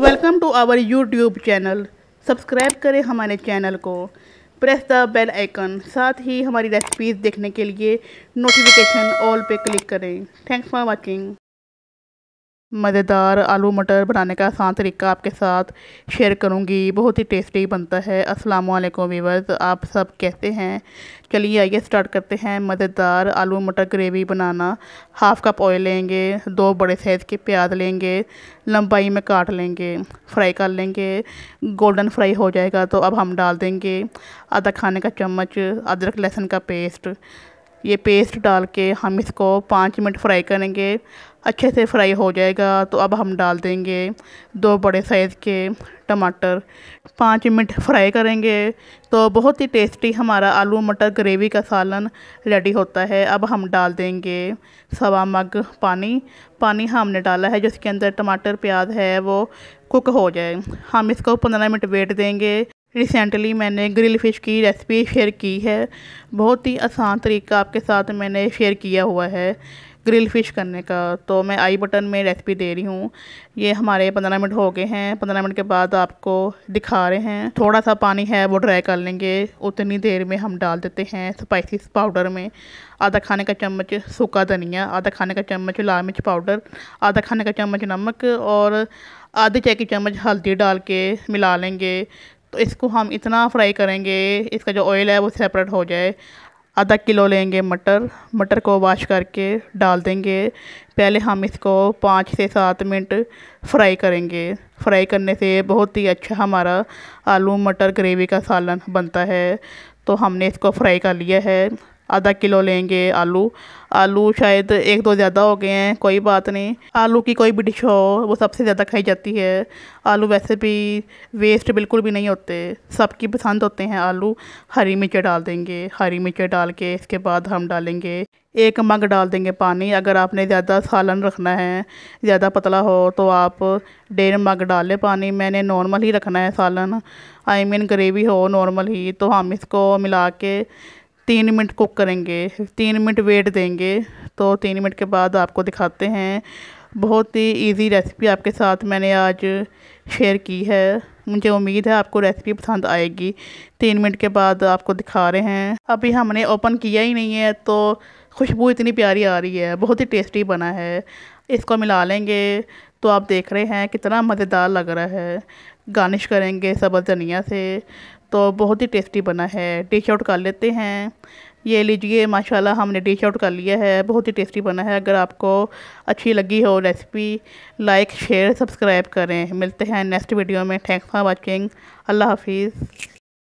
welcome to our YouTube channel subscribe करें हमारे channel को प्रेस द बेल आइकन साथ ही हमारी रेसिपीज़ देखने के लिए नोटिफिकेशन ऑल पे क्लिक करें थैंक्स फॉर वाचिंग मज़ेदार आलू मटर बनाने का आसान तरीका आपके साथ शेयर करूंगी बहुत ही टेस्टी बनता है अस्सलाम वालेकुम वीवर्स आप सब कैसे हैं चलिए आइए स्टार्ट करते हैं मज़ेदार आलू मटर ग्रेवी बनाना हाफ़ कप ऑयल लेंगे दो बड़े साइज़ के प्याज लेंगे लंबाई में काट लेंगे फ्राई कर लेंगे गोल्डन फ्राई हो जाएगा तो अब हम डाल देंगे आधा खाने का चम्मच अदरक लहसुन का पेस्ट ये पेस्ट डाल के हम इसको पाँच मिनट फ्राई करेंगे अच्छे से फ्राई हो जाएगा तो अब हम डाल देंगे दो बड़े साइज़ के टमाटर पाँच मिनट फ्राई करेंगे तो बहुत ही टेस्टी हमारा आलू मटर ग्रेवी का सालन रेडी होता है अब हम डाल देंगे सवा मग पानी पानी हमने डाला है जिसके अंदर टमाटर प्याज है वो कुक हो जाए हम इसको पंद्रह मिनट वेट देंगे रिसेंटली मैंने ग्रिल फ़िश की रेसिपी शेयर की है बहुत ही आसान तरीका आपके साथ मैंने शेयर किया हुआ है ग्रिल फ़िश करने का तो मैं आई बटन में रेसिपी दे रही हूँ ये हमारे पंद्रह मिनट हो गए हैं पंद्रह मिनट के बाद आपको दिखा रहे हैं थोड़ा सा पानी है वो ड्राई कर लेंगे उतनी देर में हम डाल देते हैं स्पाइसी पाउडर में आधा खाने का चम्मच सूखा धनिया आधा खाने का चम्मच लाल मिर्च पाउडर आधा खाने का चम्मच नमक और आधे चाय की चम्मच हल्दी डाल के मिला लेंगे तो इसको हम इतना फ्राई करेंगे इसका जो ऑयल है वो सेपरेट हो जाए आधा किलो लेंगे मटर मटर को वाश करके डाल देंगे पहले हम इसको पाँच से सात मिनट फ्राई करेंगे फ्राई करने से बहुत ही अच्छा हमारा आलू मटर ग्रेवी का सालन बनता है तो हमने इसको फ्राई कर लिया है आधा किलो लेंगे आलू आलू शायद एक दो ज़्यादा हो गए हैं कोई बात नहीं आलू की कोई भी डिश हो वो सबसे ज़्यादा खाई जाती है आलू वैसे भी वेस्ट बिल्कुल भी नहीं होते सबकी पसंद होते हैं आलू हरी मिर्चें डाल देंगे हरी मिर्चें डाल के इसके बाद हम डालेंगे एक मग डाल देंगे पानी अगर आपने ज़्यादा सालन रखना है ज़्यादा पतला हो तो आप डेढ़ मग डाल लें पानी मैंने नॉर्मल ही रखना है सालन आई मीन ग्रेवी हो नॉर्मल ही तो हम इसको मिला के तीन मिनट कुक करेंगे तीन मिनट वेट देंगे तो तीन मिनट के बाद आपको दिखाते हैं बहुत ही इजी रेसिपी आपके साथ मैंने आज शेयर की है मुझे उम्मीद है आपको रेसिपी पसंद आएगी तीन मिनट के बाद आपको दिखा रहे हैं अभी हमने ओपन किया ही नहीं है तो खुशबू इतनी प्यारी आ रही है बहुत ही टेस्टी बना है इसको मिला लेंगे तो आप देख रहे हैं कितना मज़ेदार लग रहा है गार्निश करेंगे सब्ज़ धनिया से तो बहुत ही टेस्टी बना है डिश आउट कर लेते हैं ये लीजिए माशाल्लाह हमने डिश आउट कर लिया है बहुत ही टेस्टी बना है अगर आपको अच्छी लगी हो रेसिपी लाइक शेयर सब्सक्राइब करें मिलते हैं नेक्स्ट वीडियो में थैंक्स फॉर वाचिंग अल्लाह हाफिज़